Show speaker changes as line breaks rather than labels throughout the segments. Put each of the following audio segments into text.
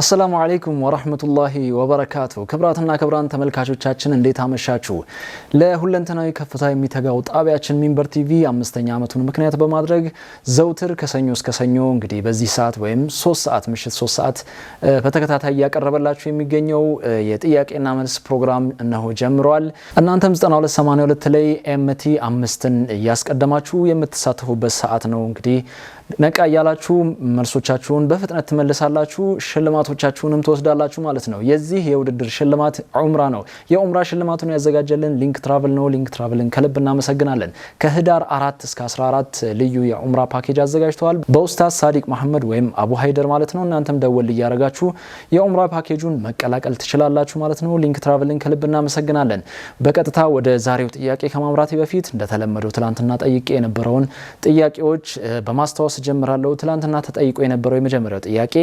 አሰላሙ አለይኩም ወራህመቱላሂ ወበረካቱ። ክብራትና ክብራን ተመልካቾቻችን እንዴት አመሻችሁ? ለሁለንተናዊ ከፍታ የሚተጋው ጣቢያችን ሚንበር ቲቪ አምስተኛ ዓመቱን ምክንያት በማድረግ ዘውትር ከሰኞ እስከ ሰኞ እንግዲህ በዚህ ሰዓት ወይም ሶስት ሰዓት ምሽት ሶስት ሰዓት በተከታታይ እያቀረበላችሁ የሚገኘው የጥያቄና መልስ ፕሮግራም እነሆ ጀምሯል። እናንተም 9282 ላይ ኤምቲ አምስትን እያስቀደማችሁ የምትሳተፉበት ሰዓት ነው እንግዲህ ነቃ እያላችሁ መልሶቻችሁን በፍጥነት ትመልሳላችሁ፣ ሽልማቶቻችሁንም ትወስዳላችሁ ማለት ነው። የዚህ የውድድር ሽልማት ዑምራ ነው። የዑምራ ሽልማቱን ያዘጋጀልን ሊንክ ትራቭል ነው። ሊንክ ትራቭልን ከልብ እናመሰግናለን። ከህዳር አራት እስከ 14 ልዩ የዑምራ ፓኬጅ አዘጋጅተዋል በኡስታዝ ሳዲቅ መሐመድ ወይም አቡ ሀይደር ማለት ነው። እናንተም ደወል እያደረጋችሁ የዑምራ ፓኬጁን መቀላቀል ትችላላችሁ ማለት ነው። ሊንክ ትራቭልን ከልብ እናመሰግናለን። በቀጥታ ወደ ዛሬው ጥያቄ ከማምራቴ በፊት እንደተለመደው ትናንትና ጠይቄ የነበረውን ጥያቄዎች በማስታወስ ጀምራለሁ። ትላንትና ተጠይቆ የነበረው የመጀመሪያው ጥያቄ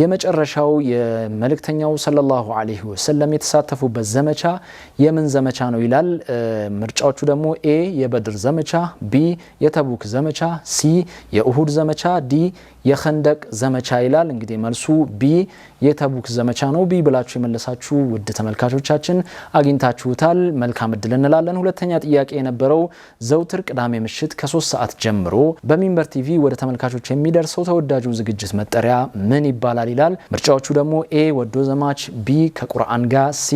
የመጨረሻው የመልእክተኛው ሰለላሁ አለይሂ ወሰለም የተሳተፉበት ዘመቻ የምን ዘመቻ ነው ይላል። ምርጫዎቹ ደግሞ ኤ የበድር ዘመቻ፣ ቢ የተቡክ ዘመቻ፣ ሲ የኡሁድ ዘመቻ፣ ዲ የኸንደቅ ዘመቻ ይላል። እንግዲህ መልሱ ቢ የተቡክ ዘመቻ ነው። ቢ ብላችሁ የመለሳችሁ ውድ ተመልካቾቻችን አግኝታችሁታል። መልካም እድል እንላለን። ሁለተኛ ጥያቄ የነበረው ዘውትር ቅዳሜ ምሽት ከሶስት ሰዓት ጀምሮ በሚንበር ቲቪ ወደ ተመልካቾች የሚደርሰው ተወዳጁ ዝግጅት መጠሪያ ምን ይባላል ይላል። ምርጫዎቹ ደግሞ ኤ ወዶ ዘማች፣ ቢ ከቁርአን ጋር፣ ሲ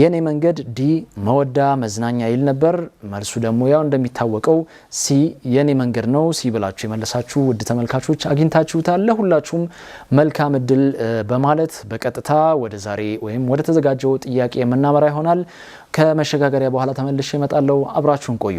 የኔ መንገድ፣ ዲ መወዳ መዝናኛ ይል ነበር። መልሱ ደግሞ ያው እንደሚታወቀው ሲ የኔ መንገድ ነው። ሲ ብላችሁ የመለሳችሁ ውድ ተመልካቾች አግኝታችሁታል። ሁላችሁም መልካም እድል በማለት በቀጥታ ወደ ዛሬ ወይም ወደ ተዘጋጀው ጥያቄ የምናመራ ይሆናል። ከመሸጋገሪያ በኋላ ተመልሼ እመጣለሁ። አብራችሁን ቆዩ።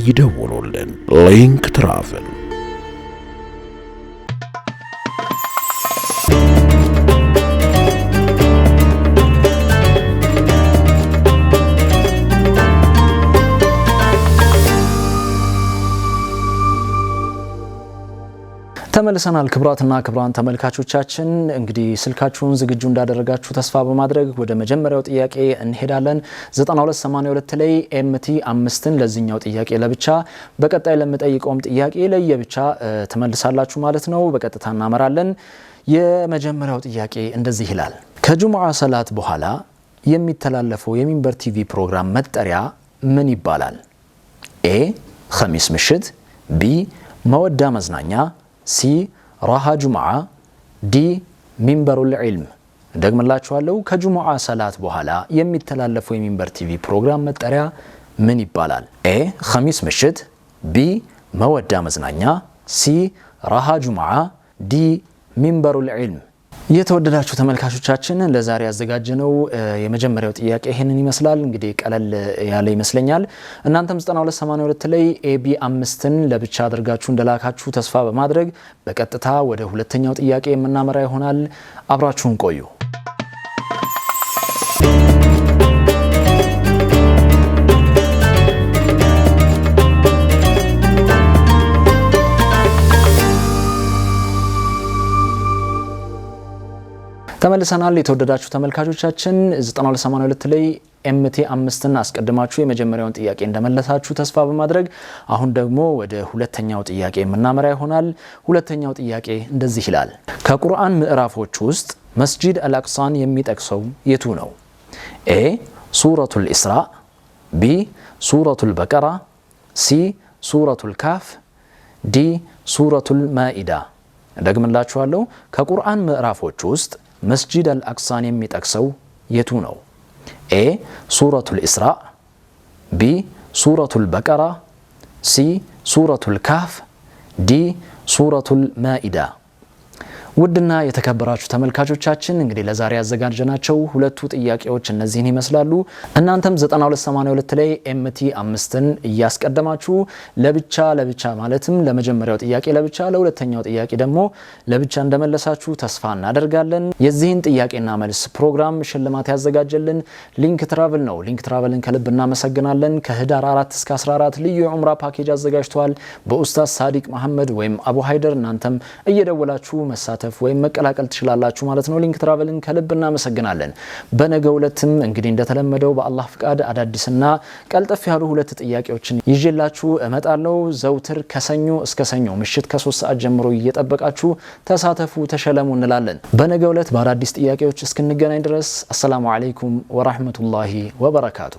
ይደውሉልን። ሊንክ ትራቭል
ተመልሰናል ክብራትና ክብራን ተመልካቾቻችን፣ እንግዲህ ስልካችሁን ዝግጁ እንዳደረጋችሁ ተስፋ በማድረግ ወደ መጀመሪያው ጥያቄ እንሄዳለን። 9282 ላይ ኤምቲ አምስትን ለዚህኛው ጥያቄ ለብቻ በቀጣይ ለምጠይቀውም ጥያቄ ለየብቻ ትመልሳላችሁ ማለት ነው። በቀጥታ እናመራለን። የመጀመሪያው ጥያቄ እንደዚህ ይላል። ከጁሙዓ ሰላት በኋላ የሚተላለፈው የሚንበር ቲቪ ፕሮግራም መጠሪያ ምን ይባላል? ኤ ኸሚስ ምሽት፣ ቢ መወዳ መዝናኛ ሲ ራሃ ጁምዓ፣ ዲ ሚንበሩ ልዕልም ደግምላችኋለሁ። ከጁምዓ ሰላት በኋላ የሚተላለፈው የሚንበር ቲቪ ፕሮግራም መጠሪያ ምን ይባላል? ኤ ኸሚስ ምሽት፣ ቢ መወዳ መዝናኛ፣ ሲ ራሃ ጁምዓ፣ ዲ ሚንበሩ ልዕልም የተወደዳችሁ ተመልካቾቻችን ለዛሬ ያዘጋጀነው የመጀመሪያው ጥያቄ ይህንን ይመስላል። እንግዲህ ቀለል ያለ ይመስለኛል። እናንተም 9282 ላይ ኤቢ አምስትን ለብቻ አድርጋችሁ እንደላካችሁ ተስፋ በማድረግ በቀጥታ ወደ ሁለተኛው ጥያቄ የምናመራ ይሆናል። አብራችሁን ቆዩ። ተመልሰናል። የተወደዳችሁ ተመልካቾቻችን 9282 ላይ ኤምቲ አምስትን አስቀድማችሁ የመጀመሪያውን ጥያቄ እንደመለሳችሁ ተስፋ በማድረግ አሁን ደግሞ ወደ ሁለተኛው ጥያቄ የምናመራ ይሆናል። ሁለተኛው ጥያቄ እንደዚህ ይላል። ከቁርአን ምዕራፎች ውስጥ መስጂድ አልአቅሳን የሚጠቅሰው የቱ ነው? ኤ ሱረቱል ኢስራ፣ ቢ ሱረቱል ልበቀራ፣ ሲ ሱረቱል ካፍ፣ ዲ ሱረቱል ልማኢዳ። ደግምላችኋለሁ። ከቁርአን ምዕራፎች ውስጥ መስጂድ አልአቅሳን የሚጠቅሰው የቱ ነው? ኤ ሱረቱል ኢስራእ፣ ቢ ሱረቱል በቀራ፣ ሲ ሱረቱል ካህፍ፣ ዲ ሱረቱል ማኢዳ ውድና የተከበራችሁ ተመልካቾቻችን እንግዲህ ለዛሬ ያዘጋጀናቸው ሁለቱ ጥያቄዎች እነዚህን ይመስላሉ። እናንተም 9282 ላይ ኤምቲ አምስትን እያስቀደማችሁ ለብቻ ለብቻ ማለትም ለመጀመሪያው ጥያቄ ለብቻ ለሁለተኛው ጥያቄ ደግሞ ለብቻ እንደመለሳችሁ ተስፋ እናደርጋለን። የዚህን ጥያቄና መልስ ፕሮግራም ሽልማት ያዘጋጀልን ሊንክ ትራቭል ነው። ሊንክ ትራቭልን ከልብ እናመሰግናለን። ከህዳር 4 እስከ 14 ልዩ የዑምራ ፓኬጅ አዘጋጅተዋል በኡስታዝ ሳዲቅ መሐመድ ወይም አቡ ሀይደር። እናንተም እየደወላችሁ መሳ መሳተፍ ወይም መቀላቀል ትችላላችሁ ማለት ነው። ሊንክ ትራቨልን ከልብ እናመሰግናለን። በነገው ዕለትም እንግዲህ እንደተለመደው በአላህ ፍቃድ አዳዲስና ቀልጠፍ ያሉ ሁለት ጥያቄዎችን ይዤላችሁ እመጣለሁ። ዘውትር ከሰኞ እስከ ሰኞ ምሽት ከሶስት ሰዓት ጀምሮ እየጠበቃችሁ ተሳተፉ፣ ተሸለሙ እንላለን። በነገው ዕለት በአዳዲስ ጥያቄዎች እስክንገናኝ ድረስ አሰላሙ አለይኩም ወራህመቱላሂ ወበረካቱ።